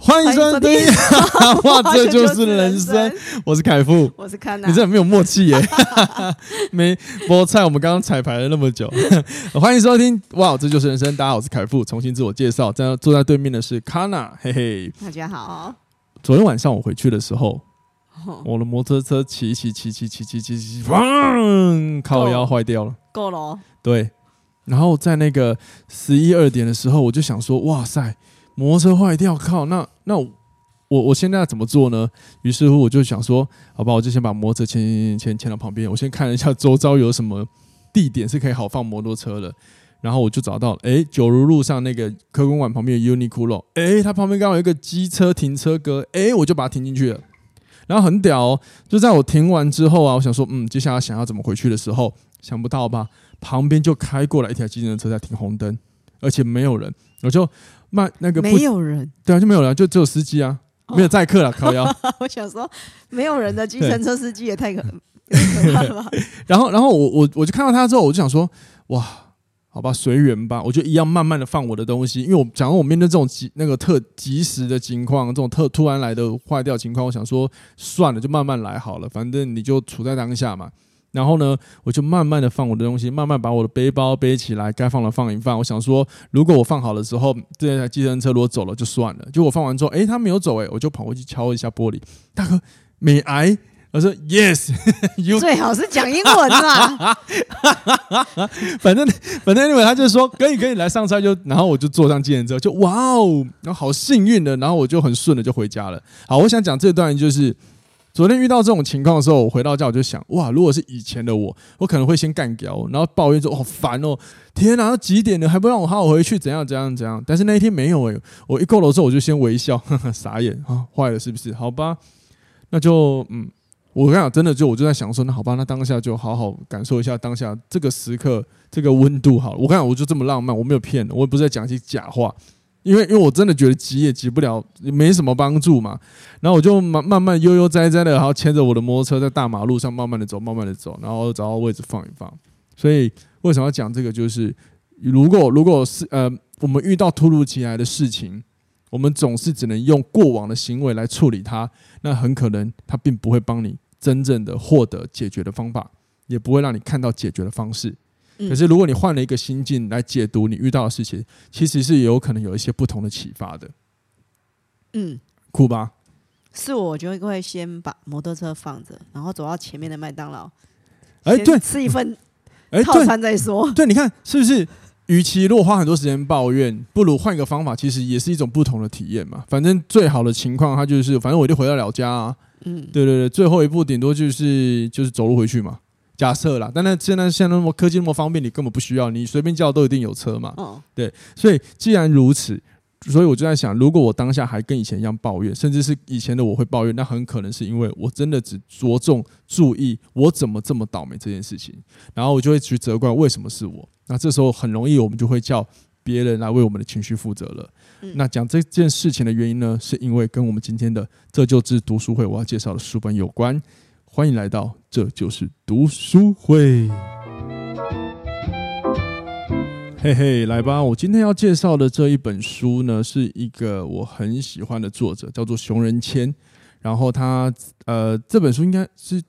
歡迎收聽，哈哈，哇，這就是人生。我是凱富，我是 Kana，你這沒有默契耶，沒菠菜。我們剛剛彩排了那麼久。歡迎收聽，哇，這就是人生。大家好，我是凱富，重新自我介紹。在坐在對面的是 Kana。嘿嘿，大家好。昨天晚上我回去的時候，我的摩托車騎騎騎騎騎騎騎騎，靠，我腰壞掉了，夠了。對，然後在那個十一二點的時候，我就想說，哇塞。摩托車壞掉，靠，那那我我現在要怎麼做呢？於是乎我就想說，好吧，我就先把摩托車牽牽牽牽到旁邊。我先看了一下周遭有什麼地點是可以好放摩托車的，然後我就找到了，哎、欸，九如路上那個科工館旁邊、欸、有 Uniqlo，哎，它旁邊剛好有一個機車停車格，哎、欸，我就把它停進去了。然後很屌、喔，就在我停完之後啊，我想說，嗯，接下來想要怎麼回去的時候，想不到吧？旁邊就開過來一台機車車在停紅燈。而且沒有人，我就慢那個沒有人，對啊，就沒有人，就只有司機啊，沒有載客了，哦、靠呀搖！ 我想說，沒有人的計程車司機也太可， 可怕了吧。 然後，然後我我我就看到他之後，我就想說，哇，好吧，隨緣吧。我就一樣慢慢的放我的東西，因為我講我面對這種急那個特及時的情況，這種特突然來的壞掉的情況，我想說算了，就慢慢來好了，反正你就處在當下嘛。然後呢，我就慢慢的放我的東西，慢慢把我的背包背起來，該放的放一放。我想說，如果我放好了之後，這台計程車如果走了就算了。就我放完之後，誒，他沒有走，誒，我就跑過去敲一下玻璃，大哥，May I？我說 Yes，最好是講英文嘛，反正反正因為他就說可以可以來上車就，然後我就坐上計程車，就哇哦，然後好幸運的，然後我就很順的就回家了。好，我想講這段就是。昨天遇到這種情況的時候，我回到家我就想，哇，如果是以前的我，我可能會先幹掉，然後抱怨說，哇好煩哦，喔，天哪，都幾點了，還不讓我好好回去，怎樣怎樣怎樣。但是那一天沒有誒、欸，我一過樓之後我就先微笑，呵呵傻眼啊，壞了是不是？好吧，那就嗯，我剛才真的就我就在想說，那好吧，那當下就好好感受一下當下這個時刻、這個溫度好了。我剛才我就這麼浪漫，我沒有騙你，我也不是在講一些假話。因為，因為我真的覺得急也急不了，也沒什麼幫助嘛。然後我就慢、慢慢悠悠哉哉的，然後牽着我的摩托車在大馬路上慢慢的走，慢慢的走，然後找到位置放一放。所以，為什麼要講這個？就是如果，如果是呃，我們遇到突如其來的事情，我們總是只能用過往的行為來處理它，那很可能它並不會幫你真正的獲得解決的方法，也不會讓你看到解決的方式。嗯、可是，如果你換了一個心境，來解讀你遇到的事情，其實是有可能有一些不同的啟發的。嗯，酷吧。是我就會先把摩托車放着，然後走到前面的麥當勞，哎、欸，對，吃一份套餐再說、欸對對。對，你看，是不是？與其如果花很多時間抱怨，不如換一個方法，其實也是一種不同的體驗嘛。反正最好的情況，它就是反正我就回到老家、啊。嗯，對對對，最後一步頂多就是就是走路回去嘛。假設啦，但那現在現在那麼科技那麼方便，你根本不需要，你隨便叫都一定有車嘛。哦、對，所以既然如此，所以我就在想，如果我當下還跟以前一樣抱怨，甚至是以前的我會抱怨，那很可能是因為我真的只着重注意我怎麼這麼倒霉這件事情，然後我就會去責怪為什麼是我。那這時候很容易我們就會叫別人來為我們的情緒負責了。嗯、那講這件事情的原因呢，是因為跟我們今天的這就是讀書會我要介紹的書本有關。歡迎來到這就是讀書會。嘿嘿，來吧！我今天要介紹的這一本書呢，是一個我很喜歡的作者，叫做熊仁謙。然後他呃，這本書應該是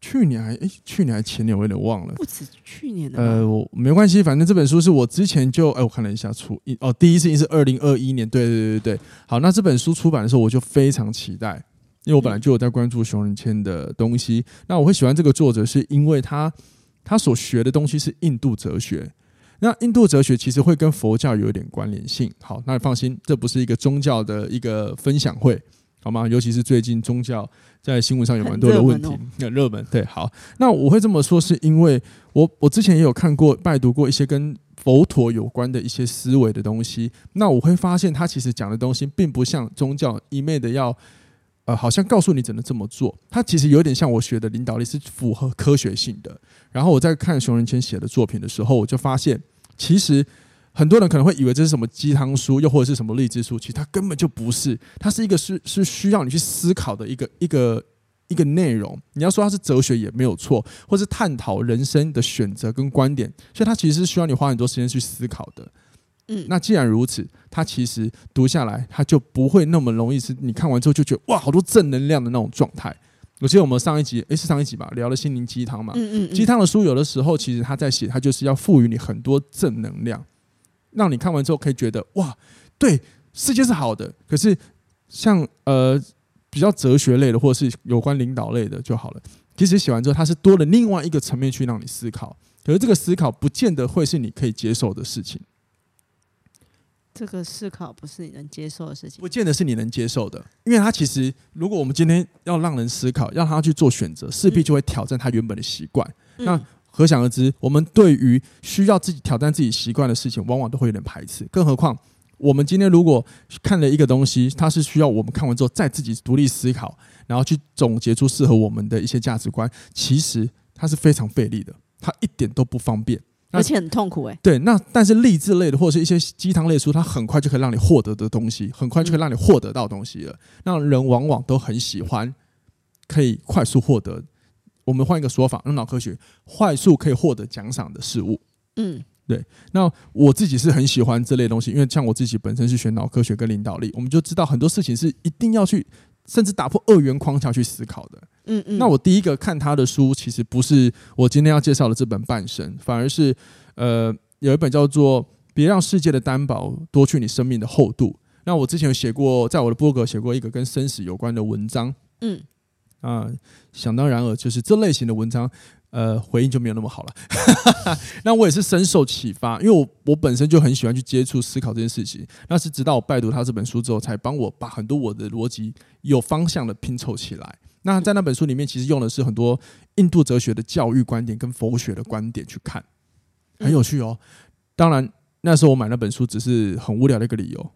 去年還哎，去年還前年，我有點忘了，不止去年的。呃，我沒關係，反正這本書是我之前就哎，我看了一下出一哦，第一次是2021年，對對對對對。好，那這本書出版的時候，我就非常期待。因為我本來就有在關注熊仁謙的東西，那我會喜歡這個作者，是因為他他所學的東西是印度哲學。那印度哲學其實會跟佛教有一點關聯性。好，那你放心，這不是一個宗教的一個分享會，好嗎？尤其是最近宗教在新聞上有蠻多的問題，很熱，很熱門。對，好，那我會這麼說，是因為我我之前也有看過拜讀過一些跟佛陀有關的一些思維的東西。那我會發現，他其實講的東西並不像宗教一昧的要。呃，好像告訴你只能這麼做，它其實有點像我學的領導力是符合科學性的。然後我在看熊仁謙寫的作品的時候，我就發現，其實很多人可能會以為這是什麼雞湯書，又或者是什麼勵志書，其實它根本就不是，它是一個是是需要你去思考的一個一個一個內容。你要說它是哲學也沒有錯，或者是探討人生的選擇跟觀點，所以它其實是需要你花很多時間去思考的。嗯，那既然如此，他其實讀下來，他就不會那麼容易是，你看完之後就覺得哇，好多正能量的那種狀態。我記得我們上一集誒，是上一集吧，聊了心靈雞湯嘛，嗯嗯嗯。雞湯的書有的時候其實他在寫，他就是要賦予你很多正能量，讓你看完之後可以覺得哇，對，世界是好的。可是像呃比較哲學類的，或者是有關領導類的就好了。其實寫完之後，他是多了另外一個層面去讓你思考，可是這個思考不見得會是你可以接受的事情。這個思考不是你能接受的事情，不見得是你能接受的，因為它其實，如果我們今天要讓人思考，讓他去做選擇，勢必就會挑戰他原本的習慣。那可想而知，我們對於需要自己挑戰自己習慣的事情，往往都會有點排斥。更何況，我們今天如果看了一個東西，它是需要我們看完之後再自己獨立思考，然後去總結出適合我們的一些價值觀，其實它是非常費力的，它一點都不方便。那而且很痛苦哎、欸，對，那但是勵志類的或者是一些雞湯類書，它很快就可以讓你獲得的東西，很快就可以讓你獲得到東西了。嗯、那人往往都很喜歡可以快速獲得。我們換一個說法，用腦科學，快速可以獲得獎賞的事物。嗯，對。那我自己是很喜歡這類東西，因為像我自己本身是學腦科學跟領導力，我們就知道很多事情是一定要去。甚至打破二元框架去思考的。嗯嗯。嗯，那我第一個看他的書，其實不是我今天要介紹的這本《半神》，反而是呃有一本叫做《別讓世界的單薄奪去你生命的厚度》。那我之前寫過，在我的博客寫過一個跟生死有關的文章。嗯。啊，想當然耳，就是這類型的文章。呃，回應就沒有那麼好了。 那我也是深受啟發，因為我我本身就很喜歡去接觸思考這件事情。那是直到我拜讀他這本書之後，才幫我把很多我的邏輯有方向的拼湊起來。那在那本書裡面，其實用的是很多印度哲學的教育觀點跟佛學的觀點去看，很有趣哦。當然，那時候我買那本書只是很無聊的一個理由。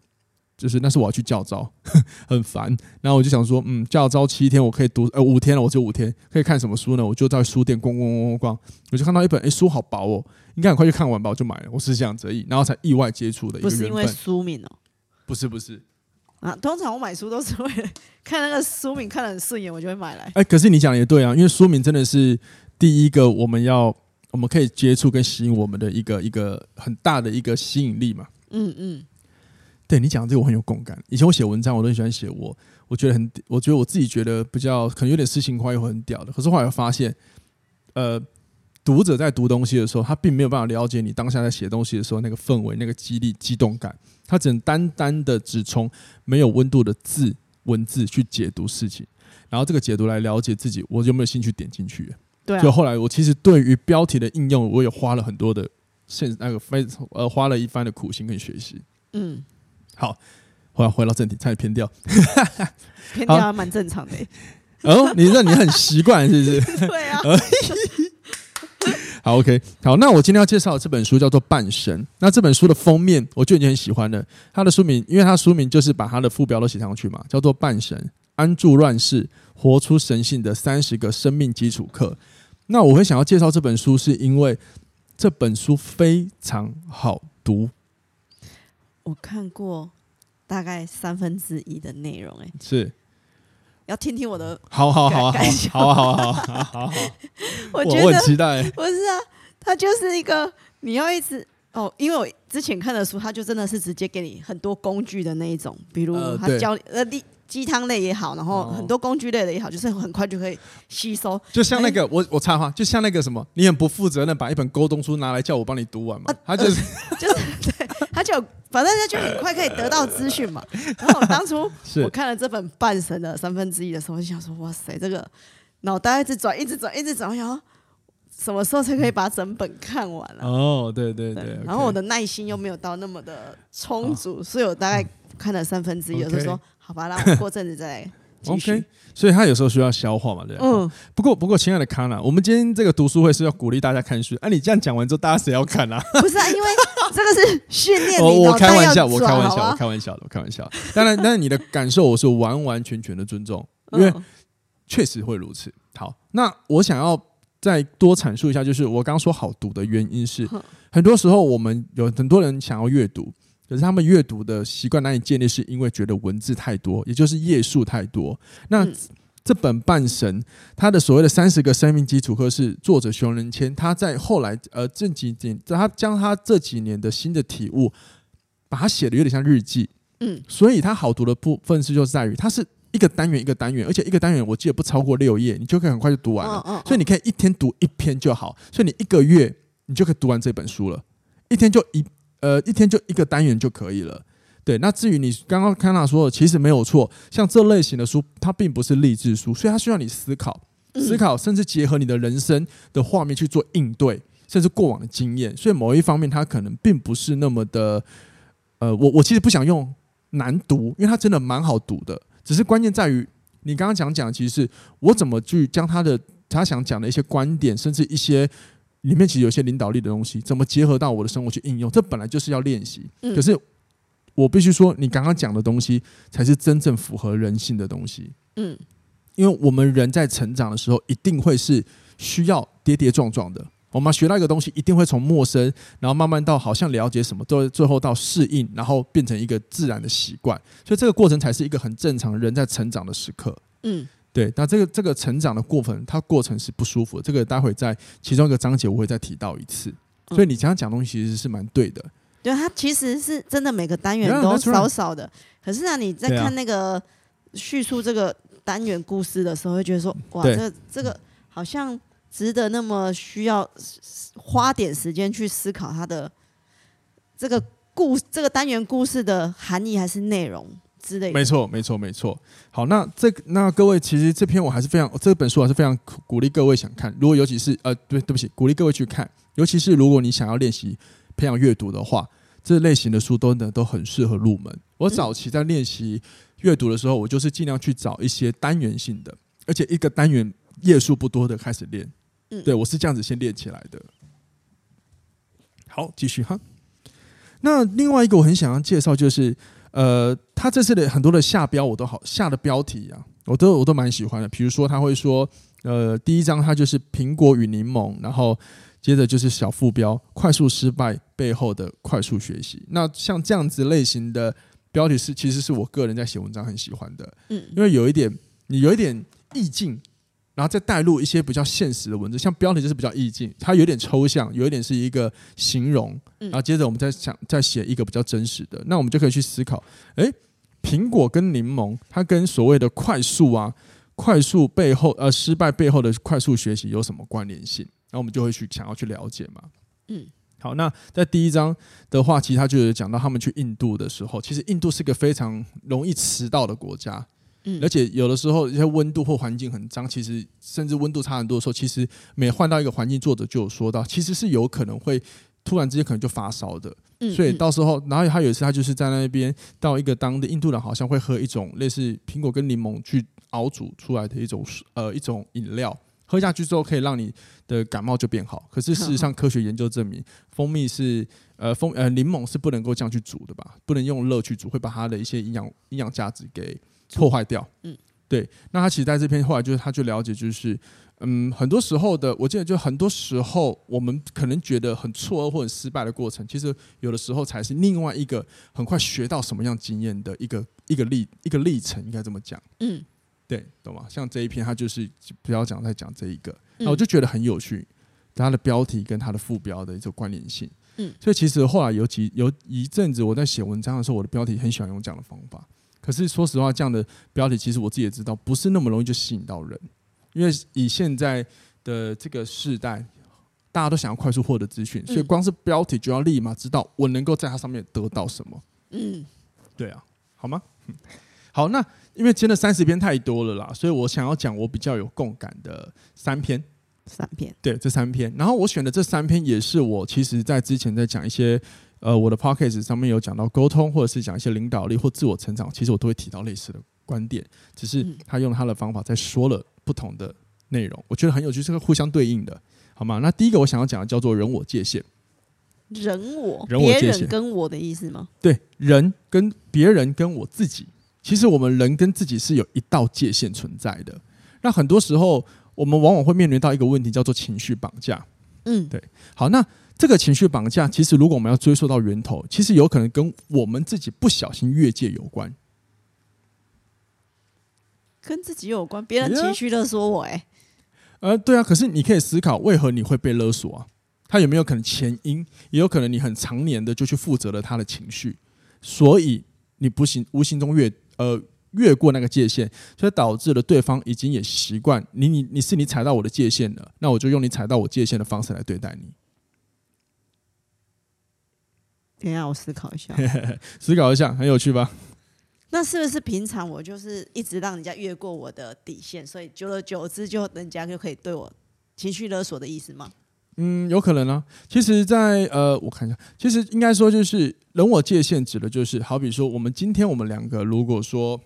就是那是我要去教招，呵呵很煩。然後我就想說，嗯，教招七天我可以讀，呃，五天了，我就五天可以看什麼書呢？我就在書店逛逛逛逛逛，我就看到一本，欸、書好薄哦，應該很快就看完吧，我就買了。我是這樣意，然後才意外接觸的。不是因為書名哦、喔，不是不是啊，通常我買書都是為了看那個書名，看的很順眼，我就會買來。哎、欸，可是你講的也對啊，因為書名真的是第一個我們要，我們可以接觸跟吸引我們的一個一個很大的一個吸引力嘛。嗯嗯。嗯對，你講的這個我很有共感。以前我寫文章，我都很喜歡寫我，我覺得很，我覺得我自己覺得比較可能有點詩情畫意，會很屌的。可是後來我發現，呃，讀者在讀東西的時候，他並沒有辦法了解你當下在寫東西的時候那個氛圍、那個激勵、激動感。他只能單單的只從沒有溫度的字文字去解讀事情，然後這個解讀來了解自己，我有沒有興趣點進去？對、啊。所以後來我其實對於標題的應用，我也花了很多的現那個非呃花了一番的苦心跟學習。嗯。好，我要回到正題，差點偏掉。 好偏掉還蠻正常的。哦，你那你很習慣，是不是？ 對啊 好。好，OK，好。那我今天要介紹的這本書叫做《半神》。那這本書的封面，我就已經很喜歡了。它的書名，因為它的書名就是把它的副標都寫上去嘛，叫做《半神：安住亂世，活出神性的三十個生命基礎課》。那我會想要介紹這本書，是因為這本書非常好讀。我看過大概三分之一的內容、欸，哎，是，要聽聽我的，好好好，好好好好好， 我覺得，我期待、欸，不是啊，它就是一個你要一直哦，因為我之前看的書，它就真的是直接給你很多工具的那一種，比如他教呃第。雞湯類也好，然後很多工具類的也好，oh. 就是很快就可以吸收。就像那個、欸、我我插話，就像那個什麼，你很不負責任把一本溝通書拿來叫我幫你讀完嘛？啊、他就是、呃、就是對，他就 反正他就很快可以得到資訊嘛。然後我當初 是我看了這本半神的三分之一的時候，我就想說，哇塞，這個腦袋一直轉，一直轉，一直轉，然後什麼時候才可以把整本看完了、啊？哦，oh, 對對對,對。然後我的耐心又沒有到那麼的充足，oh. 所以我大概看了三分之一的時候，就說。好吧，那我們過陣子再來 OK，所以他有時候需要消化嘛，對吧？嗯。不過，不過，親愛的康娜，我們今天這個讀書會是要鼓勵大家看書。哎、啊，你這樣講完之後，大家誰要看啊？不是啊，因為這個是訓練。我 我開玩笑，我開玩笑，吧我開玩笑，我開玩笑的，我開玩笑。當然，但是你的感受，我是完完全全的尊重， 因為確實會如此。好，那我想要再多闡述一下，就是我剛剛說好讀的原因是，呵很多時候我們有很多人想要閱讀。可是他們閱讀的習慣難以建立，是因為覺得文字太多，也就是頁數太多。那、嗯、這本《半神》他的所謂的三十個生命基礎課是作者熊仁謙，他在後來呃這幾年，他將他這幾年的新的體悟，把它寫得有點像日記。嗯，所以他好讀的部分是，就是在於它是一個單元一個單元，而且一個單元我記得不超過六頁，你就可以很快就讀完了。哦哦哦，所以你可以一天讀一篇就好，所以你一個月你就可以讀完這本書了，一天就一。呃，一天就一個單元就可以了，對。那至於你剛剛 Kana 說的，其實沒有錯。像這類型的書，它並不是勵志書，所以它需要你思考、嗯、思考，甚至結合你的人生的畫面去做應對，甚至過往的經驗。所以某一方面，它可能並不是那麼的……呃，我我其實不想用難讀，因為它真的蠻好讀的。只是關鍵在於你剛剛講講，其實是我怎麼去將他的他想講的一些觀點，甚至一些。裡面其實有些領導力的東西，怎麼結合到我的生活去應用？這本來就是要練習。嗯。可是我必須說，你剛剛講的東西才是真正符合人性的東西。嗯，因為我們人在成長的時候，一定會是需要跌跌撞撞的。我們學到一個東西，一定會從陌生，然後慢慢到好像了解什麼，都最後到適應，然後變成一個自然的習慣。所以這個過程才是一個很正常人在成長的時刻。嗯。對，那這個這個成長的過程，它過程是不舒服的。這個待會在其中一個章節我會再提到一次，嗯、所以你這樣講東西其實是蠻對的。對，它其實是真的，每個單元都少少的。No, that's right. 可是呢、啊，你在看那個敘述這個單元故事的時候，會覺得說，對哇，這這個好像值得那麼需要花點時間去思考它的這個故這個單元故事的含義還是內容。沒錯，沒錯，沒錯。好，那這那各位，其實這篇我還是非常、哦、這本書，還是非常鼓勵各位想看。如果尤其是呃，對對不起，鼓勵各位去看。尤其是如果你想要練習培養閱讀的話，這類型的書都能都很適合入門。我早期在練習閱讀的時候，我就是儘量去找一些單元性的，而且一個單元頁數不多的開始練。嗯、對我是這樣子先練起來的。好，繼續哈。那另外一個我很想要介紹就是。呃，他這次的很多的下標我都好下的標題啊，我都我都蠻喜歡的。比如說，他會說，呃，第一章他就是蘋果與檸檬，然後接着就是小副標“快速失敗背後的快速學習”。那像這樣子類型的標題是，其實是我個人在寫文章很喜歡的，嗯，因為有一點，你有一點意境。然後再帶入一些比較現實的文字，像標題就是比較意境，它有點抽象，有一點是一個形容。然後接着我們再想再寫一個比較真實的，那我們就可以去思考，哎，蘋果跟檸檬，它跟所謂的快速啊，快速背後呃失敗背後的快速學習有什麼關聯性？那我們就會去想要去了解嘛。嗯，好，那在第一章的話，其實他就有講到他們去印度的時候，其實印度是一個非常容易遲到的國家。而且有的時候一些溫度或環境很髒，其實甚至溫度差很多的時候，其實每換到一個環境，作者就有說到，其實是有可能會突然之間可能就發燒的。所以到時候，然後他有一次他就是在那邊到一個當地印度人，好像會喝一種類似蘋果跟檸檬去熬煮出來的一種呃一種飲料，喝下去之後可以讓你的感冒就變好。可是事實上科學研究證明，蜂蜜是呃蜂呃檸檬是不能夠這樣去煮的吧？不能用熱去煮，會把它的一些營養營養價值給。破壞掉，嗯，對。那他其實在這篇後來就是他就了解，就是，嗯，很多時候的，我記得就很多時候，我們可能覺得很錯，或者失敗的過程，其實有的時候才是另外一個很快學到什麼樣經驗的一個一個歷一個歷程，應該這麼講，嗯，對，懂嗎？像這一篇，他就是不要講再講這一個，那我就覺得很有趣，他的標題跟他的副標的一種關聯性，嗯，所以其實後來有幾有一陣子我在寫文章的時候，我的標題很喜歡用這樣的方法。可是說實話，這樣的標題其實我自己也知道，不是那麼容易就吸引到人，因為以現在的這個時代，大家都想要快速獲得資訊，嗯、所以光是標題就要立馬知道我能夠在它上面得到什麼。嗯，對啊，好嗎？嗯、好，那因為真的三十篇太多了啦，所以我想要講我比較有共感的篇三篇，三篇，對，這三篇。然後我選的這三篇也是我其實在之前在講一些。呃，我的 podcast 上面有講到溝通，或者是講一些領導力或自我成長，其實我都會提到類似的觀點，只是他用他的方法在說了不同的內容。我覺得很有趣，是互相對應的，好嗎？那第一個我想要講的叫做人我界限，人我，人，我別人跟我的意思嗎？對，人跟別人跟我自己，其實我們人跟自己是有一道界限存在的。那很多時候，我們往往會面臨到一個問題，叫做情緒綁架。嗯，對。好，那。這個情緒綁架，其實如果我們要追溯到源頭，其實有可能跟我們自己不小心越界有關。跟自己有關，別人情緒勒索我，哎，呃，對啊。可是你可以思考，為何你會被勒索啊？他有沒有可能前因？也有可能你很常年的就去負責了他的情緒，所以你不行，無形中越呃越過那個界限，所以導致了對方已經也習慣你你你是你踩到我的界限了，那我就用你踩到我界限的方式來對待你。等一下，我思考一下。 思考一下，很有趣吧？那是不是平常我就是一直讓人家越過我的底線，所以久了久之，就人家就可以對我情緒勒索的意思嗎？嗯，有可能啊。其實在，在呃，我看一下，其實應該說就是人我界限指的就是，好比說我們今天我們兩個，如果說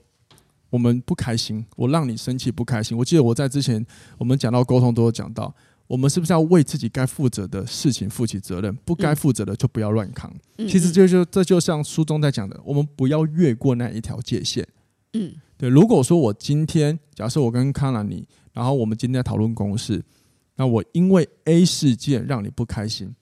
我們不開心，我讓你生氣不開心。我記得我在之前我們講到溝通都有講到。我們是不是要為自己該負責的事情負起責任？不該負責的就不要亂扛。嗯嗯嗯、其實這就，就是這就像書中在講的，我們不要越過那一條界限。嗯，對。如果說我今天，假設我跟 Kana 你，然後我們今天討論公事，那我因為 A 事件讓你不開心，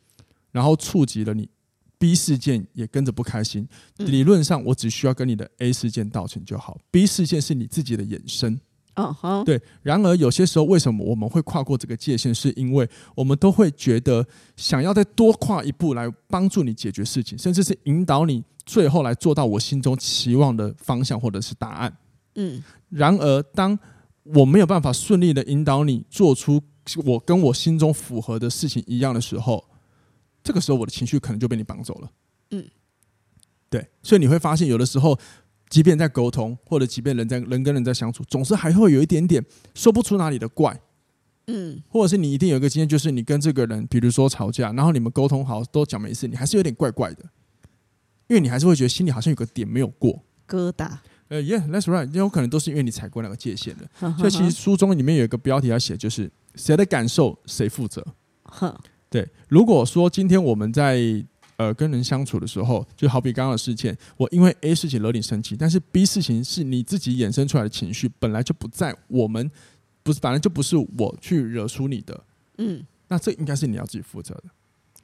然後觸及了你 B 事件，也跟着不開心。嗯、理論上，我只需要跟你的 A 事件道歉就好，B 事件是你自己的衍生。嗯、oh, oh. 對。然而，有些時候，為什麼我們會跨過這個界限，是因為我們都會覺得想要再多跨一步來幫助你解決事情，甚至是引導你最後來做到我心中期望的方向或者是答案。嗯。然而，當我沒有辦法順利的引導你做出我跟我心中符合的事情一樣的時候，這個時候我的情緒可能就被你綁走了。嗯。對，所以你會發現，有的時候。即便在溝通，或者即便人在人跟人在相處，總是還會有一點點說不出哪裡的怪，嗯，或者是你一定有一個經驗，就是你跟這個人，比如說吵架，然後你們溝通好都講沒事，你還是有點怪怪的，因為你還是會覺得心裡好像有個點沒有過疙瘩。呃打、uh,，Yeah，that's right，也有可能都是因為你踩過那個界限的。呵呵呵所以其實書中裡面有一個標題要寫，就是誰的感受誰負責。呵對，如果說今天我們在。呃，跟人相處的時候，就好比剛剛的事件，我因為 A 事情惹你生氣，但是 B 事情是你自己衍生出來的情緒，本來就不在我們，不是，反正就不是我去惹出你的。嗯，那這應該是你要自己負責的。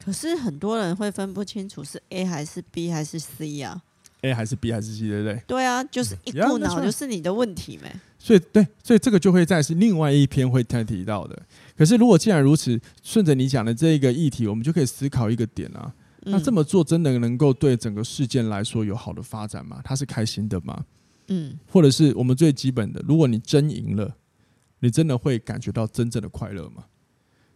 可是很多人會分不清楚是 A 還是 B 還是 C 啊？A 還是 B 還是 C，對不對？對啊，就是一股腦就是你的問題沒？嗯、yeah, 所以對，所以這個就會在是另外一篇會再提到的。可是如果既然如此，順着你講的這個議題，我們就可以思考一個點啊。嗯、那這麼做真的能夠對整個事件來說有好的發展嗎？他是開心的嗎？嗯，或者是我們最基本的，如果你真贏了，你真的會感覺到真正的快樂嗎？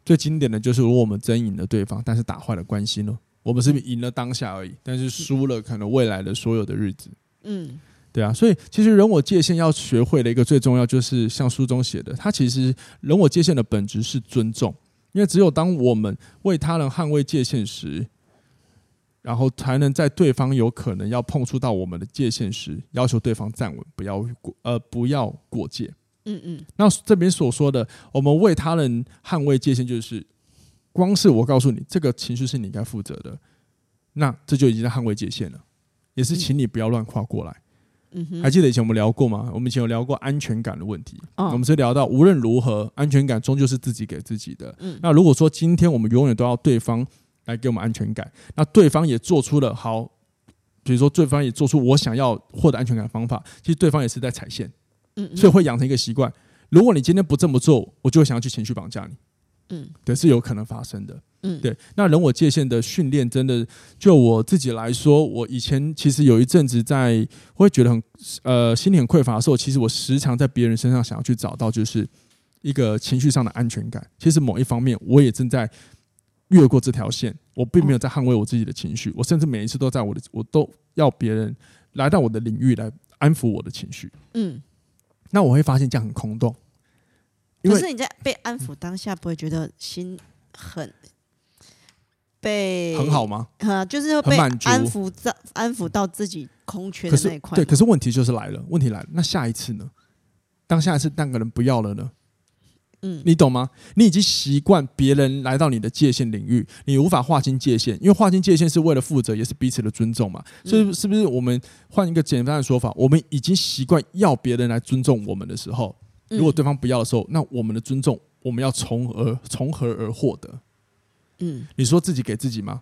最經典的就是，如果我們真贏了對方，但是打壞了關係呢？我們是贏了當下而已，嗯、但是輸了可能未來的所有的日子。嗯，對啊，所以其實人我界限要學會的一個最重要就是，像書中寫的，它其實人我界限的本質是尊重，因為只有當我們為他人捍衛界限時。然後才能在對方有可能要碰觸到我們的界限時，要求對方站穩，不要過呃，不要過界。嗯嗯。那這邊所說的，我們為他人捍衛界限，就是光是我告訴你，這個情緒是你該負責的。那這就已經在捍衛界限了，也是請你不要亂跨過來。嗯。還記得以前我們聊過嗎？我們以前有聊過安全感的問題。哦。我們是聊到無論如何，安全感終究是自己給自己的。嗯。那如果說今天我們永遠都要對方。來給我們安全感，那對方也做出了好，比如說對方也做出我想要獲得安全感的方法，其實對方也是在踩線，嗯，嗯，所以會養成一個習慣。如果你今天不這麼做，我就會想要去情緒綁架你，嗯，對，是有可能發生的，嗯，對。那人我界線的訓練真的，就我自己來說，我以前其實有一陣子在會覺得很呃心裡很匱乏的時候，其實我時常在別人身上想要去找到就是一個情緒上的安全感。其實某一方面，我也正在。越過這條線，我並沒有在捍衛我自己的情緒，嗯、我甚至每一次都在我的，我都要別人來到我的領域來安撫我的情緒。嗯，那我會發現這樣很空洞。可是你在被安撫當下，不會覺得心很被、嗯、被很好嗎？啊，就是被安撫到安撫到自己空缺的那一塊。對，可是問題就是來了，問題來了。那下一次呢？當下一次那個人不要了呢？你懂嗎？你已經習慣別人來到你的界限領域，你無法劃清界限，因為劃清界限是為了負責，也是彼此的尊重嘛。所以，是不是我們換一個簡單的說法？我們已經習慣要別人來尊重我們的時候，如果對方不要的時候，那我們的尊重我們要從而從何而獲得？嗯，你說自己給自己嗎？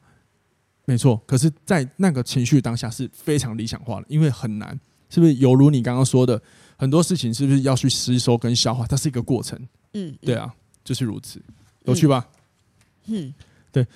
沒錯，可是，在那個情緒當下是非常理想化的，因為很難。是不是猶如你剛剛說的很多事情，是不是要去吸收跟消化？它是一個過程。嗯，嗯對啊，就是如此，有趣吧？嗯，嗯對，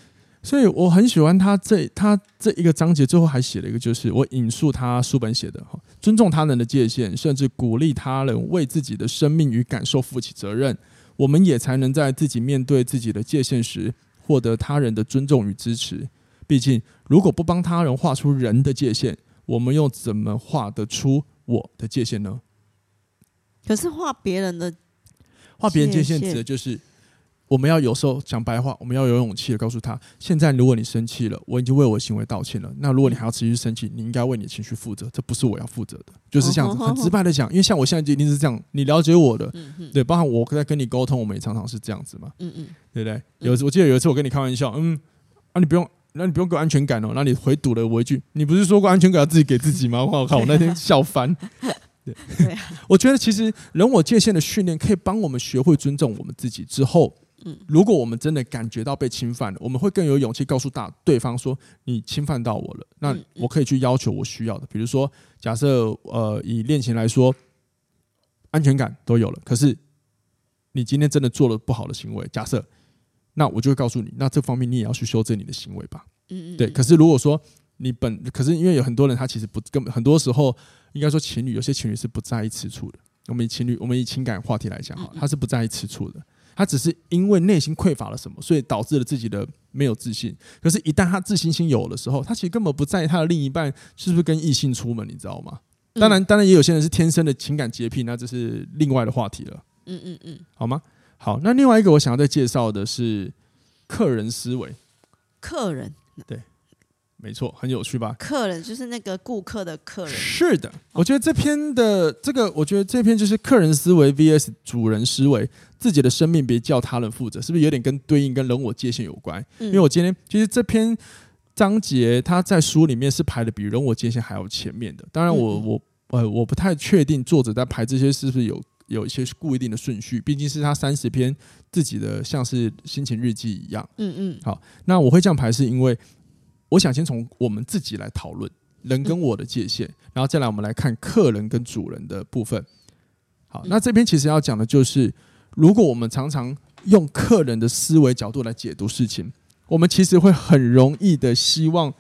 所以我很喜歡他這他這一個章節，最後還寫了一個，就是我引述他書本寫的哈：尊重他人的界限，甚至鼓勵他人為自己的生命與感受負起責任，我們也才能在自己面對自己的界限時，獲得他人的尊重與支持。畢竟，如果不幫他人畫出人的界限，我們又怎麼畫得出我的界限呢？可是畫別人的。畫別人界限指的就是，我們要有時候講白話，我們要有勇氣的告訴他：現在如果你生氣了，我已經為我的行為道歉了。那如果你還要持續生氣，你應該為你的情緒負責，這不是我要負責的。就是這樣子，很直白的講。因為像我現在就一定是這樣，你了解我的，對，包括我在跟你溝通，我們也常常是這樣子嘛，對不對？有一次，我記得有一次我跟你開玩笑，嗯，啊，你不用、啊，那你不用給我安全感哦。那你回堵了我一句，你不是說過安全感要自己給自己嗎？我靠，我那天笑翻。對，我覺得其實人我界限的訓練可以幫我們學會尊重我們自己。之後，如果我們真的感覺到被侵犯了，我們會更有勇氣告訴大對方說：“你侵犯到我了。”那我可以去要求我需要的。比如說，假設呃，以戀情來說，安全感都有了，可是你今天真的做了不好的行為，假設，那我就會告訴你，那這方面你也要去修正你的行為吧。對，可是如果說你本，可是因為有很多人他其實不根本，很多時候。應該說，情侶有些情侶是不在意吃醋的。我們以情侶，我們以情感話題來講哈，他是不在意吃醋的。他只是因為內心匱乏了什麼，所以導致了自己的沒有自信。可是，一旦他自信心有的時候，他其實根本不在意他的另一半是不是跟異性出門，你知道嗎？當然，當然也有些人是天生的情感潔癖，那這是另外的話題了。嗯嗯嗯，好嗎？好，那另外一個我想要再介紹的是客人思維。客人，對。沒錯，很有趣吧？客人就是那個顧客的客人。是的，我覺得這篇的這個，我覺得這篇就是客人思維 vs 主人思維。自己的生命別叫他人負責，是不是有點跟對應跟人我界限有關？嗯、因為我今天其實、就是、這篇章節，他在書裡面是排的比人我界限還要前面的。當然我，我我呃，我不太確定作者在排這些是不是有有一些固定的順序。畢竟是他三十篇自己的像是心情日記一樣。嗯嗯。好，那我會這樣排是因為。我想先從我們自己來討論人跟我的界限，然後再來我們來看客人跟主人的部分。好，那這邊其實要講的就是，如果我們常常用客人的思維角度來解讀事情，我們其實會很容易的希望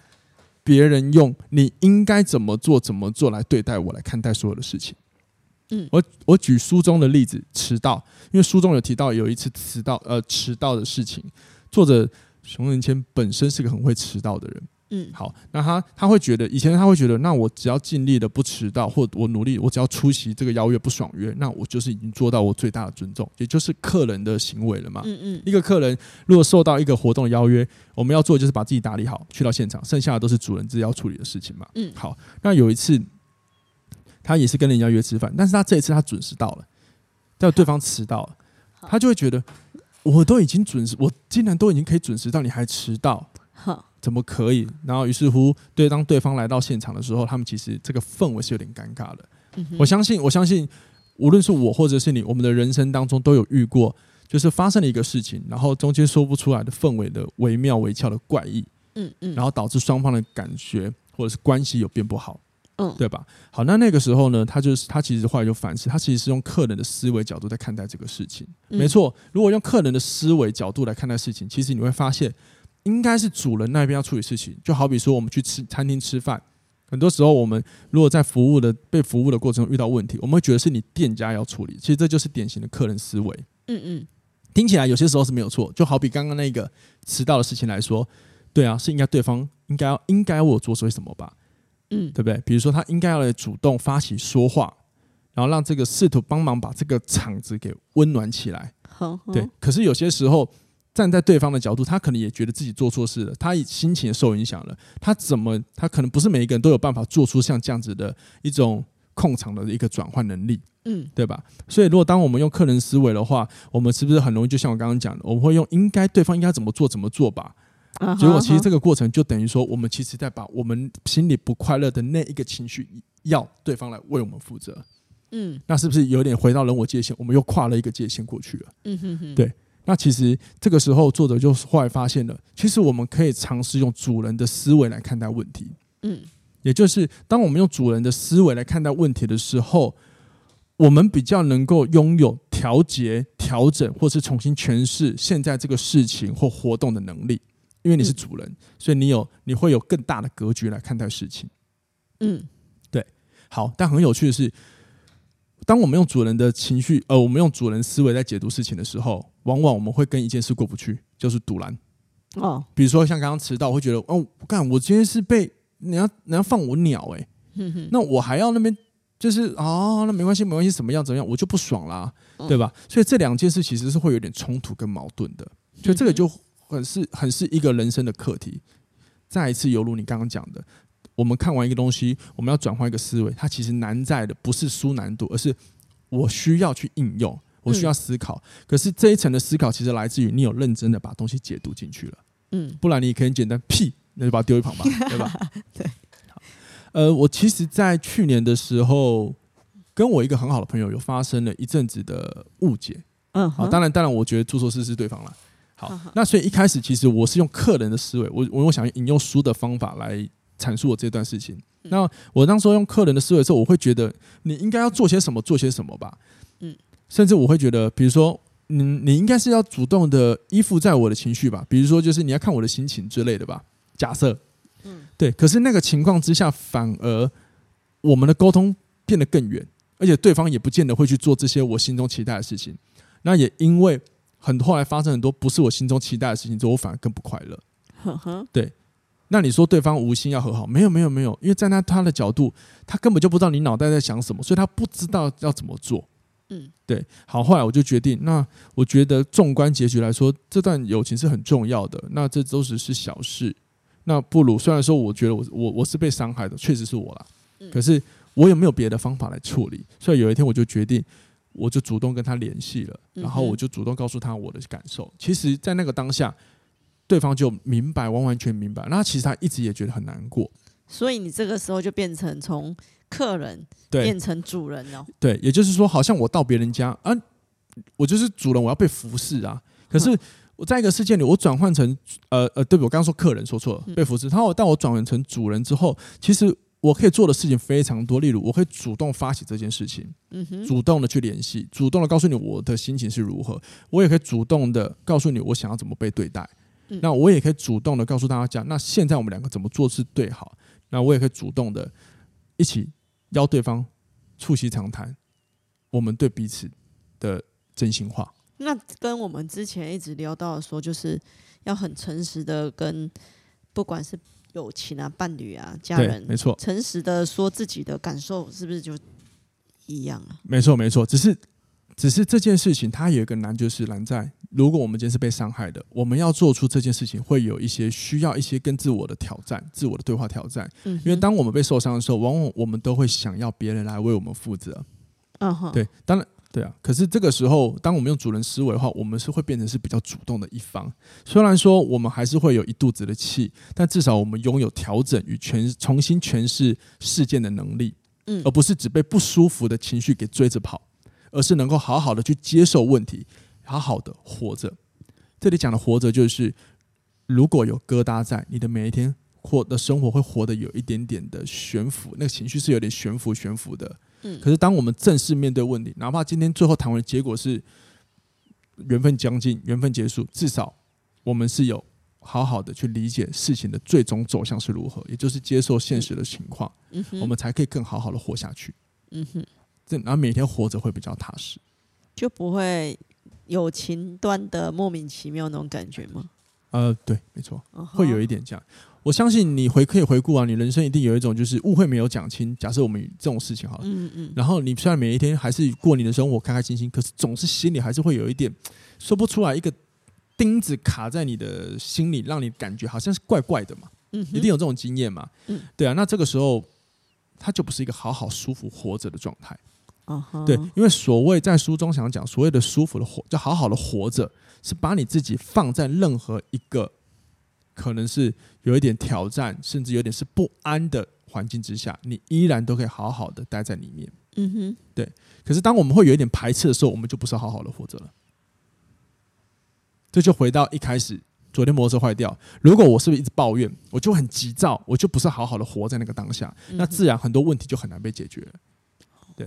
別人用“你應該怎麼做、怎麼做”來對待我，來看待所有的事情。嗯，我我舉書中的例子，遲到，因為書中有提到有一次遲到，呃，遲到的事情，作者。熊仁謙本身是個很會遲到的人，嗯，好，那他他會覺得，以前他會覺得，那我只要盡力的不遲到，或我努力，我只要出席這個邀約不爽約，那我就是已經做到我最大的尊重，也就是客人的行為了嘛，嗯嗯，一個客人如果受到一個活動邀約，我們要做的就是把自己打理好，去到現場，剩下的都是主人自己要處理的事情嘛，嗯，好，那有一次，他也是跟人家約吃飯，但是他這一次他準時到了，但對方遲到了，他就會覺得。我都已經準時，我竟然都已經可以準時到，你還遲到？哈，怎麼可以？然後於是乎，對，當對方來到現場的時候，他們其實這個氛圍是有點尷尬的。嗯、哼我相信，我相信，無論是我或者是你，我們的人生當中都有遇過，就是發生了一個事情，然後中間說不出來的氛圍的惟妙惟肖的怪異，嗯嗯，然後導致雙方的感覺或者是關係有變不好。嗯，對吧？好，那那個時候呢，他就是他其實後來就反思，他其實是用客人的思維角度在看待這個事情。嗯、沒錯，如果用客人的思維角度來看待事情，其實你會發現，應該是主人那邊要處理事情。就好比說，我們去吃餐廳吃飯，很多時候我們如果在服務的被服務的過程中遇到問題，我們會覺得是你店家要處理。其實這就是典型的客人思維。嗯嗯，聽起來有些時候是沒有錯。就好比剛剛那個遲到的事情來說，對啊，是應該對方應該要應該我做些什麼吧？嗯，對不對？比如說，他應該要來主動發起說話，然後讓這個試圖幫忙把這個場子給溫暖起來。好，對。可是有些時候，站在對方的角度，他可能也覺得自己做錯事了，他心情受影響了。他怎麼？他可能不是每一個人都有辦法做出像這樣子的一種控場的一個轉換能力。嗯，對吧？所以，如果當我們用客人思維的話，我們是不是很容易就像我剛剛講的，我們會用應該對方應該怎麼做怎麼做吧？結果其實這個過程就等於說，我們其實在把我們心裡不快樂的那一個情緒要對方來為我們負責。嗯，那是不是有點回到人我界限？我們又跨了一個界限過去了。嗯哼哼。對，那其實這個時候作者就後來發現了，其實我們可以嘗試用主人的思維來看待問題。嗯，也就是當我們用主人的思維來看待問題的時候，我們比較能夠擁有調節、調整或是重新詮釋現在這個事情或活動的能力。因為你是主人，嗯、所以你有你會有更大的格局來看待事情。嗯，對，好。但很有趣的是，當我們用主人的情緒，呃，我們用主人思維在解讀事情的時候，往往我們會跟一件事過不去，就是賭爛。哦，比如說像剛剛遲到，我會覺得哦，幹，我今天是被你要你要放我鳥哎、欸，嗯、哼那我還要那邊就是啊、哦，那沒關係沒關係，怎麼樣怎麼樣，我就不爽啦，嗯、對吧？所以這兩件事其實是會有點衝突跟矛盾的，所以這個就。嗯很是很是一個人生的課題，再一次猶如你剛剛講的，我們看完一個東西，我們要轉換一個思維。它其實難在的不是書難度，而是我需要去應用，我需要思考。嗯、可是這一層的思考，其實來自於你有認真的把東西解讀進去了。嗯，不然你可以簡單屁，那就把它丟一旁吧， 對吧？ 對。呃，我其實，在去年的時候，跟我一個很好的朋友，有發生了一陣子的誤解。嗯哼，好、啊，當然，當然，我覺得做錯事是對方了。好，那所以一開始其實我是用客人的思維，我我我想引用書的方法來闡述我這段事情。嗯、那我當時候用客人的思維的時候，我會覺得你應該要做些什麼，做些什麼吧。嗯，甚至我會覺得，比如說，嗯，你應該是要主動的依附在我的情緒吧，比如說就是你要看我的心情之類的吧。假設，嗯、對。可是那個情況之下，反而我們的溝通變得更遠，而且對方也不見得會去做這些我心中期待的事情。那也因為。很後來發生很多不是我心中期待的事情，做我反而更不快樂。呵呵，對，那你說對方無心要和好，沒有沒有沒有，因為站在他的角度，他根本就不知道你腦袋在想什麼，所以他不知道要怎麼做。嗯，對。好，後來我就決定，那我覺得縱觀結局來說，這段友情是很重要的。那這都是是小事。那不如，雖然說我覺得我我我是被傷害的，確實是我啦。嗯，可是我也沒有別的方法來處理，所以有一天我就決定。我就主動跟他聯繫了，然後我就主動告訴他我的感受。嗯、哼其實，在那個當下，對方就明白，完完全明白。那其實他一直也覺得很難過。所以你這個時候就變成從客人對變成主人了。對，也就是說，好像我到別人家，啊，我就是主人，我要被服侍啊。可是我在一個事件裡，我轉換成呃呃，對，我剛剛說客人說錯了，嗯、被服侍。然後當我轉換成主人之後，其實，我可以做的事情非常多，例如我可以主動發起這件事情，嗯哼，主動的去聯繫，主動的告訴你我的心情是如何，我也可以主動的告訴你我想要怎麼被對待，嗯、那我也可以主動的告訴大家，那現在我們兩個怎麼做是對好？那我也可以主動的一起邀對方促膝長談，我們對彼此的真心話。那跟我們之前一直聊到的說，就是要很誠實的跟不管是。友情啊，伴侶啊，家人，沒錯，誠實的說自己的感受，是不是就一樣啊？沒錯，沒錯，只是，只是這件事情，它有一個難，就是難在，如果我們今天是被傷害的，我們要做出這件事情，會有一些需要一些跟自我的挑戰，自我的對話挑戰。嗯哼。因為當我們被受傷的時候，往往我們都會想要別人來為我們負責。嗯哼，對，當然。對啊，可是這個時候，當我們用主人思維的話，我們是會變成是比較主動的一方。雖然說我們還是會有一肚子的氣，但至少我們擁有調整與詮重新詮釋事件的能力，嗯，而不是只被不舒服的情緒給追着跑，而是能夠好好的去接受問題，好好的活着。這裡講的活着，就是如果有疙瘩在，你的每一天或的生活，會活得有一點點的懸浮，那個情緒是有點懸浮懸浮的。嗯、可是當我們正式面對問題，哪怕今天最後談完結果是緣分將盡，緣分結束，至少我們是有好好的去理解事情的最終走向是如何，也就是接受現實的情況，嗯嗯、我們才可以更好好的活下去。嗯哼，這然後每天活着會比較踏實，就不會有情端的莫名其妙那種感覺嗎？呃，對，沒錯，會有一點這樣。我相信你回，可以回顧啊，你人生一定有一種就是誤會沒有講清。假設我們這種事情好了嗯，嗯嗯，然後你雖然每一天還是過你的生活開開心心，可是總是心裡還是會有一點說不出來，一個釘子卡在你的心裡，讓你感覺好像是怪怪的嘛，嗯哼，一定有這種經驗嘛，嗯、對啊，那這個時候他就不是一個好好舒服活着的狀態，嗯、對，因為所謂在書中想講所謂的舒服的活，就好好的活着，是把你自己放在任何一個可能是。有一點挑戰，甚至有點是不安的環境之下，你依然都可以好好的待在裡面。嗯哼，對。可是當我們會有一點排斥的時候，我們就不是好好的活着了。這就回到一開始，昨天摩托車壞掉，如果我是不是一直抱怨，我就很急躁，我就不是好好的活在那個當下，嗯、哼那自然很多問題就很難被解決。對，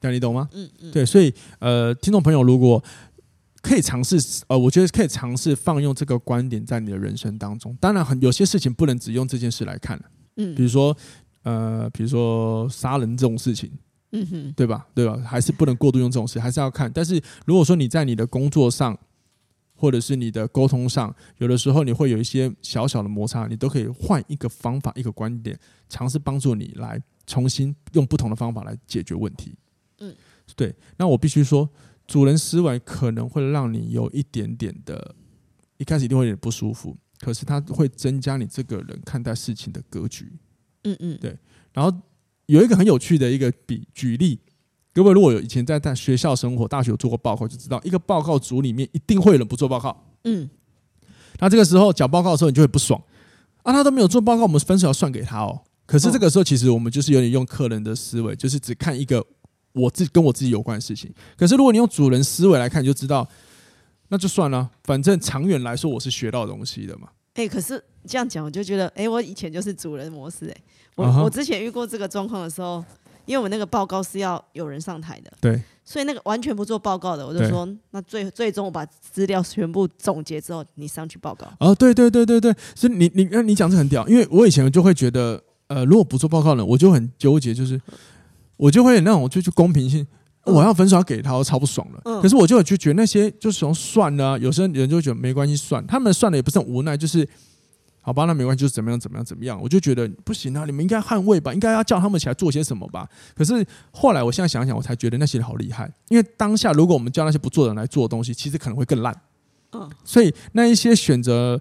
這樣你懂嗎？嗯嗯，對，所以呃，聽眾朋友如果。可以嘗試，呃，我覺得可以嘗試放用這個觀點在你的人生當中。當然，很有些事情不能只用這件事來看，嗯，比如說，呃，比如說殺人這種事情，嗯哼，對吧？對吧？還是不能過度用這種事，還是要看。但是，如果說你在你的工作上，或者是你的溝通上，有的時候你會有一些小小的摩擦，你都可以換一個方法、一個觀點，嘗試幫助你來重新用不同的方法來解決問題。嗯，對。那我必須說。主人思維可能會讓你有一點點的，一開始一定會有點不舒服，可是它會增加你這個人看待事情的格局。嗯嗯，對。然後有一個很有趣的一個比舉例，各位如果有以前在大學校生活、大學有做過報告，就知道一個報告組裡面一定會有人不做報告。嗯，那這個時候講報告的時候，你就會不爽啊！他都沒有做報告，我們分數要算給他哦。可是這個時候，其實我們就是有點用客人的思維，就是只看一個。我自己跟我自己有關的事情，可是如果你用主人思維來看，你就知道，那就算了，反正長遠來說我是學到東西的嘛。哎、欸，可是這樣講，我就覺得，哎、欸，我以前就是主人模式、欸，哎，我、uh huh. 我之前遇過這個狀況的時候，因為我那個報告是要有人上台的，對，所以那個完全不做報告的，我就說，對那最最終我把資料全部總結之後，你上去報告。啊、哦。對對對對對，所以你你那你講這很屌，因為我以前就會覺得，呃，如果不做報告呢，我就很糾結，就是。我就會有那種就去公平性，我、哦、要粉刷給他，我超不爽了。嗯、可是我就就覺得那些就是從算了、啊，有時候人就覺得沒關係，算他們算的也不是很無奈，就是好吧，那沒關係，就是怎麼樣怎麼樣怎麼樣。我就覺得不行啊，你們應該捍衛吧，應該要叫他們起來做些什麼吧。可是後來我現在想想，我才覺得那些人好厲害，因為當下如果我們叫那些不做的人來做的東西，其實可能會更爛。嗯，所以那一些選擇。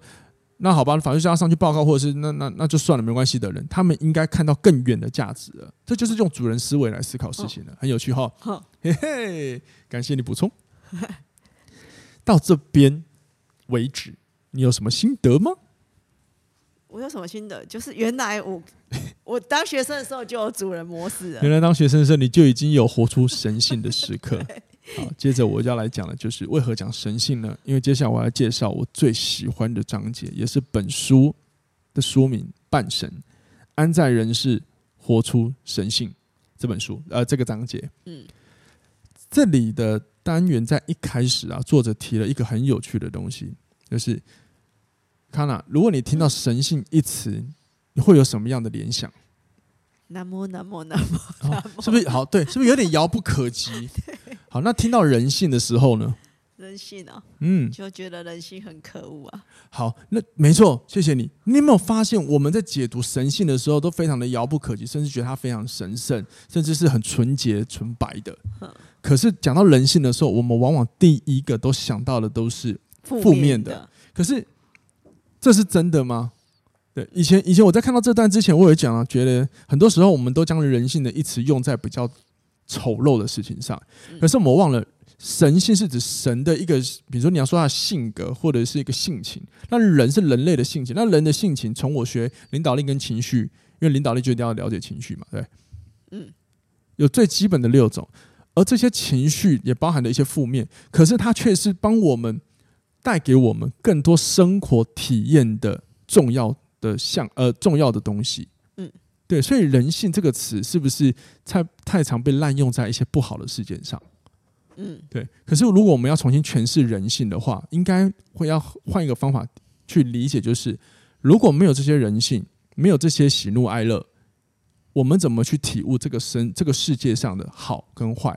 那好吧，法律就要上去報告，或者是那那那就算了，沒關係的人，他們應該看到更遠的價值了。這就是用主人思維來思考事情的，哦、很有趣哈、哦。好、哦，嘿嘿，感謝你補充。 到這邊為止，你有什麼心得嗎？我有什麼心得？就是原來我我當學生的時候就有主人模式了。 原來當學生的時候你就已經有活出神性的時刻。 好，接着我要來講的就是為何講神性呢？因為接下來我要介紹我最喜歡的章節，也是本書的書名，《半神安在人世活出神性》這本書，呃，這個章節。嗯，這裡的單元在一開始啊，作者提了一個很有趣的東西，就是，Kana，如果你聽到神性一詞，嗯、你會有什麼樣的聯想？南無南無南無是不是？好，對，是不是有點遙不可及？ 好，那聽到人性的時候呢？人性啊、喔，嗯，就覺得人性很可惡啊。好，那沒錯，謝謝你。你有沒有發現，我們在解讀神性的時候都非常的遙不可及，甚至覺得它非常神聖，甚至是很純潔、純白的。呵可是講到人性的時候，我們往往第一個都想到的都是負面的。負面的。可是這是真的嗎？對，以前以前我在看到這段之前，我有講啊，覺得很多時候我們都將人性的一詞用在比較。醜陋的事情上，可是我們忘了，神性是指神的一個，比如說你要說他的性格或者是一個性情，那人是人類的性情，那人的性情從我學領導力跟情緒，因為領導力就一定要了解情緒嘛，對，嗯，有最基本的六種，而這些情緒也包含了一些負面，可是它卻是幫我們帶給我們更多生活體驗的重要的項，呃，重要的東西。對，所以“人性”這個詞是不是太太常被濫用在一些不好的事件上？嗯，對。可是如果我們要重新詮釋人性的話，應該會要換一個方法去理解，就是如果沒有這些人性，沒有這些喜怒哀樂，我們怎麼去體悟這個生這個世界上的好跟壞？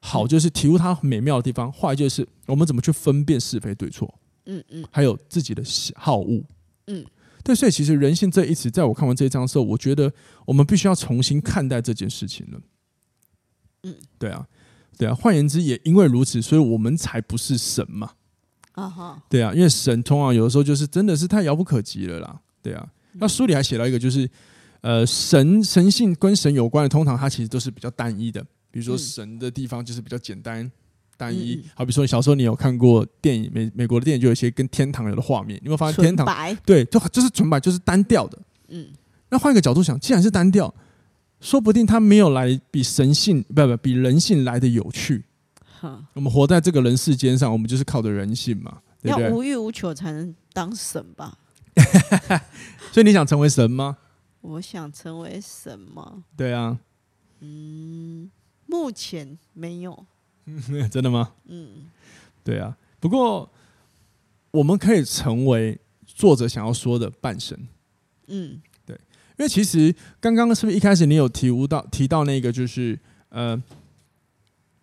好就是體悟它美妙的地方，壞就是我們怎麼去分辨是非對錯？嗯嗯。嗯還有自己的喜好惡？嗯。對，所以其實人性這一詞，在我看完這一章的時候，我覺得我們必須要重新看待這件事情了。嗯，對啊，對啊。換言之，也因為如此，所以我們才不是神嘛。啊、哦、哈，對啊，因為神通常有的時候就是真的是太遙不可及了啦。對啊，嗯、那書裡還寫到一個，就是呃，神神性跟神有關的，通常它其實都是比較單一的，比如說神的地方就是比較簡單。嗯嗯。單一，好比說，你小時候你有看過電影美美國的電影，就有一些跟天堂有的畫面，你會發現天堂。白對，就就是純白，就是單調的。嗯，那換一個角度想，既然是單調，說不定他沒有來比神性，不，不不，比人性來的有趣。哈呵，我們活在這個人世間上，我們就是靠着人性嘛。對對，要無慾無求才能當神吧？ 所以你想成為神嗎？我想成為神嗎？對啊，嗯，目前沒有。 真的嗎？嗯，對啊。不過我們可以成為作者想要說的半神。嗯，對。因為其實剛剛是不是一開始你有提悟到提到那個，就是呃，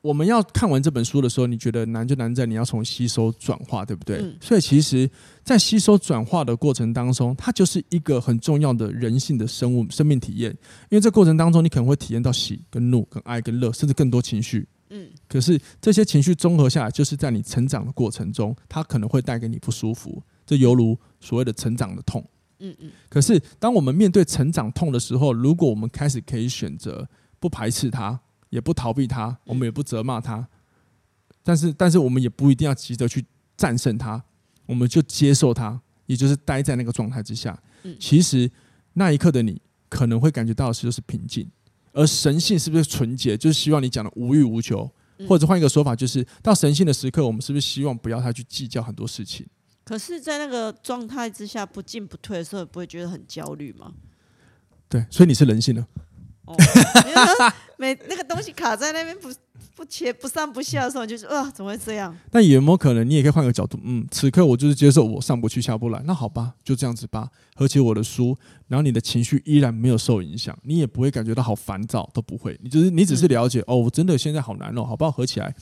我們要看完這本書的時候，你覺得難就難在你要從吸收轉化，對不對？嗯、所以其實，在吸收轉化的過程當中，它就是一個很重要的人性的生物生命體驗。因為這過程當中，你可能會體驗到喜、跟怒、跟愛、跟樂，甚至更多情緒。嗯、可是這些情緒綜合下來，就是在你成長的過程中，它可能會帶給你不舒服。這猶如所謂的成長的痛。嗯嗯、可是，當我們面對成長痛的時候，如果我們開始可以選擇不排斥它，也不逃避它，我們也不責罵它。嗯、但是，但是我們也不一定要急着去戰勝它，我們就接受它，也就是待在那個狀態之下。嗯、其實，那一刻的你可能會感覺到的是，就是平靜。而神性是不是純潔？就是希望你講的無欲無求，嗯、或者換一個說法，就是到神性的時刻，我們是不是希望不要他去計較很多事情？可是，在那個狀態之下不進不退，所以不會覺得很焦慮嗎？對，所以你是人性的哦，沒 那個東西卡在那邊不，不前不上不下的時候，就是啊，怎麼會這樣？那有沒有可能，你也可以換個角度，嗯，此刻我就是接受我上不去下不來，那好吧，就這樣子吧，合起我的書，然後你的情緒依然沒有受影響，你也不會感覺到好煩躁，都不會。你就是你只是了解、嗯、哦，我真的現在好難哦，好不好合起來？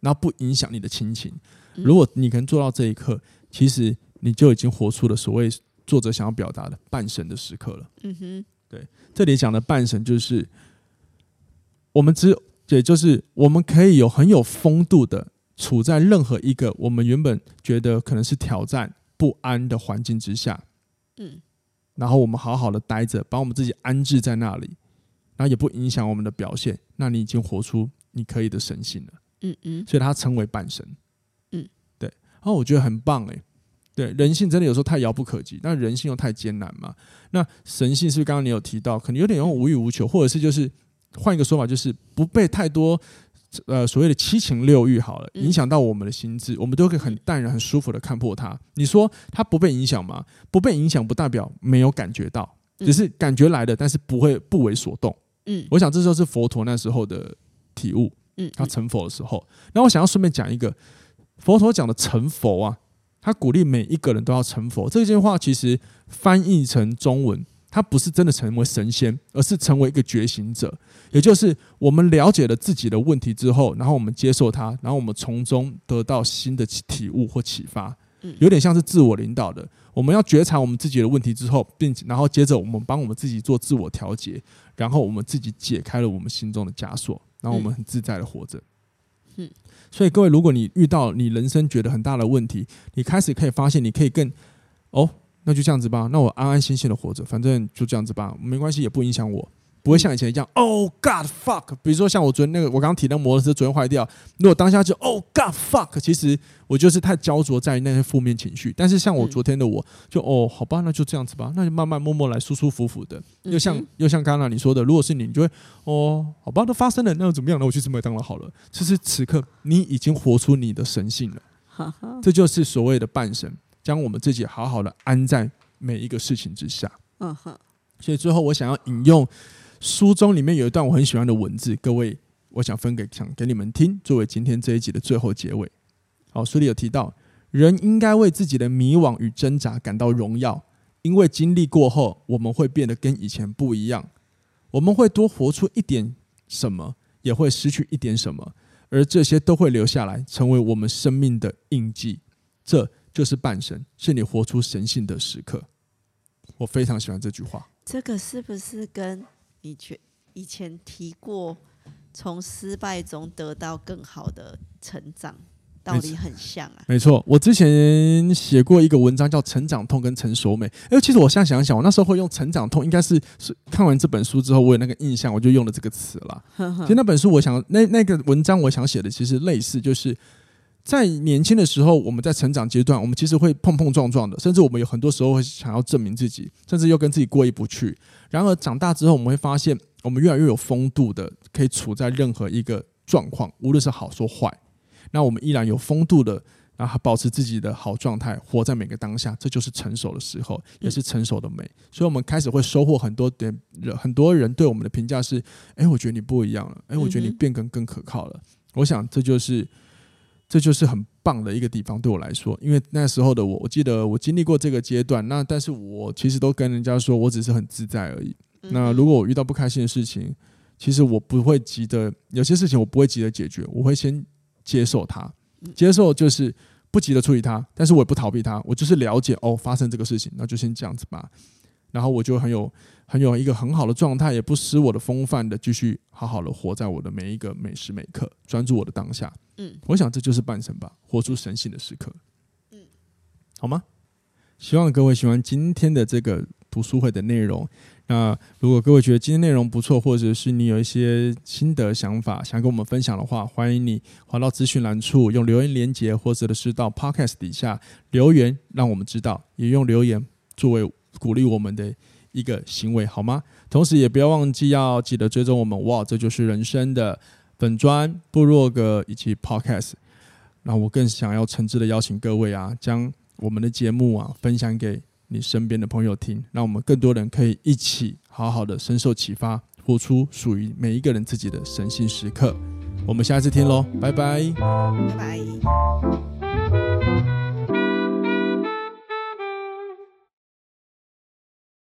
那不影響你的心情。嗯、如果你可能做到這一刻，其實你就已經活出了所謂作者想要表達的半神的時刻了。嗯哼，對，這裡講的半神就是我們只有。對，就是我們可以有很有風度的處在任何一個我們原本覺得可能是挑戰不安的環境之下，嗯，然後我們好好的待着，把我們自己安置在那裡，然後也不影響我們的表現。那你已經活出你可以的神性了，嗯嗯。所以他稱為半神，嗯，對。然後我覺得很棒哎，對，人性真的有時候太遙不可及，但人性又太艱難嘛。那神性是不是剛剛你有提到，可能有點像無欲無求，或者是就是。換一個說法，就是不被太多呃所謂的七情六慾好了影響到我們的心智，嗯、我們都可以很淡然、很舒服的看破它。你說它不被影響嗎？不被影響不代表沒有感覺到，只是感覺來的，但是不會不為所動。嗯，我想這就是佛陀那時候的體悟，嗯，他成佛的時候。那我想要順便講一個佛陀講的成佛啊，他鼓勵每一個人都要成佛。這句話其實翻譯成中文。他不是真的成為神仙，而是成為一個覺醒者。也就是我們了解了自己的問題之後，然後我們接受它，然後我們從中得到新的體悟或啟發。嗯，有點像是自我領導的。我們要覺察我們自己的問題之後，並然後接着我們幫我們自己做自我調節，然後我們自己解開了我們心中的枷鎖，然後我們很自在的活着。嗯，所以各位，如果你遇到你人生覺得很大的問題，你開始可以發現，你可以更哦。那就這樣子吧，那我安安心心的活着，反正就這樣子吧，沒關係，也不影響我，不會像以前一樣。嗯、oh God fuck！比如說像我昨天那個，我剛剛提到摩托車昨天壞掉，如果當下就 Oh God fuck！其實我就是太焦灼在於那些負面情緒。但是像我昨天的我就、嗯、哦好吧，那就這樣子吧，那就慢慢摸摸來，舒舒服服的。又像、嗯、哼又像剛剛你說的，如果是你，你就會，哦好吧，都發生了，那又怎麼樣？那我就去吃麥當勞好了。此、就是此刻你已經活出你的神性了，哈哈，這就是所謂的半神。將我們自己好好的安在每一個事情之下。嗯哼。所以最後，我想要引用書中裡面有一段我很喜歡的文字，各位，我想分給想給你們聽，作為今天這一集的最後結尾。好，書裡有提到，人應該為自己的迷惘與掙扎感到榮耀，因為經歷過後，我們會變得跟以前不一樣，我們會多活出一點什麼，也會失去一點什麼，而這些都會留下來，成為我們生命的印記。這就是半神，是你活出神性的時刻。我非常喜歡這句話。這個是不是跟你前以前提過，從失敗中得到更好的成長道理很像啊？沒錯，我之前寫過一個文章叫《成長痛跟成熟美》。哎，其實我現在想想，我那時候會用“成長痛”，應該是是看完這本書之後，我有那個印象，我就用了這個詞了。呵呵。其實那本書，我想那那個文章，我想寫的其實類似，就是。在年輕的時候，我們在成長階段，我們其實會碰碰撞撞的，甚至我們有很多時候會想要證明自己，甚至又跟自己過意不去。然而長大之後，我們會發現，我們越來越有風度的，可以處在任何一個狀況，無論是好說壞，那我們依然有風度的，然後保持自己的好狀態，活在每個當下，這就是成熟的時候，也是成熟的美。嗯、所以，我們開始會收穫很多點，很多人對我們的評價是：哎、欸，我覺得你不一樣了，哎、欸，我覺得你變更更可靠了。嗯嗯，我想，這就是。這就是很棒的一個地方，對我來說，因為那時候的我，我記得我經歷過這個階段。那但是我其實都跟人家說我只是很自在而已。那如果我遇到不開心的事情，其實我不會急著，有些事情我不會急着解決，我會先接受它，接受就是不急着處理它，但是我也不逃避它，我就是了解哦，發生這個事情，那就先這樣子吧。然後我就很有、很有一個很好的狀態，也不失我的風範的，繼續好好的活在我的每一個每時每刻，專注我的當下。嗯，我想這就是半神吧，活出神性的時刻。嗯，好嗎？希望各位喜歡今天的這個讀書會的內容。那如果各位覺得今天內容不錯，或者是你有一些心得想法想跟我們分享的話，歡迎你滑到資訊欄處，用留言連結，或者是到 Podcast 底下留言，讓我們知道，也用留言作為。鼓勵我們的一個行為，好嗎？同時也不要忘記要記得追蹤我們，哇，這就是人生的粉專部落格以及 Podcast。那我更想要誠摯的邀請各位啊，將我們的節目啊分享給你身邊的朋友聽，讓我們更多人可以一起好好的深受啟發，活出屬於每一個人自己的神性時刻。我們下次聽嘍，拜拜。拜拜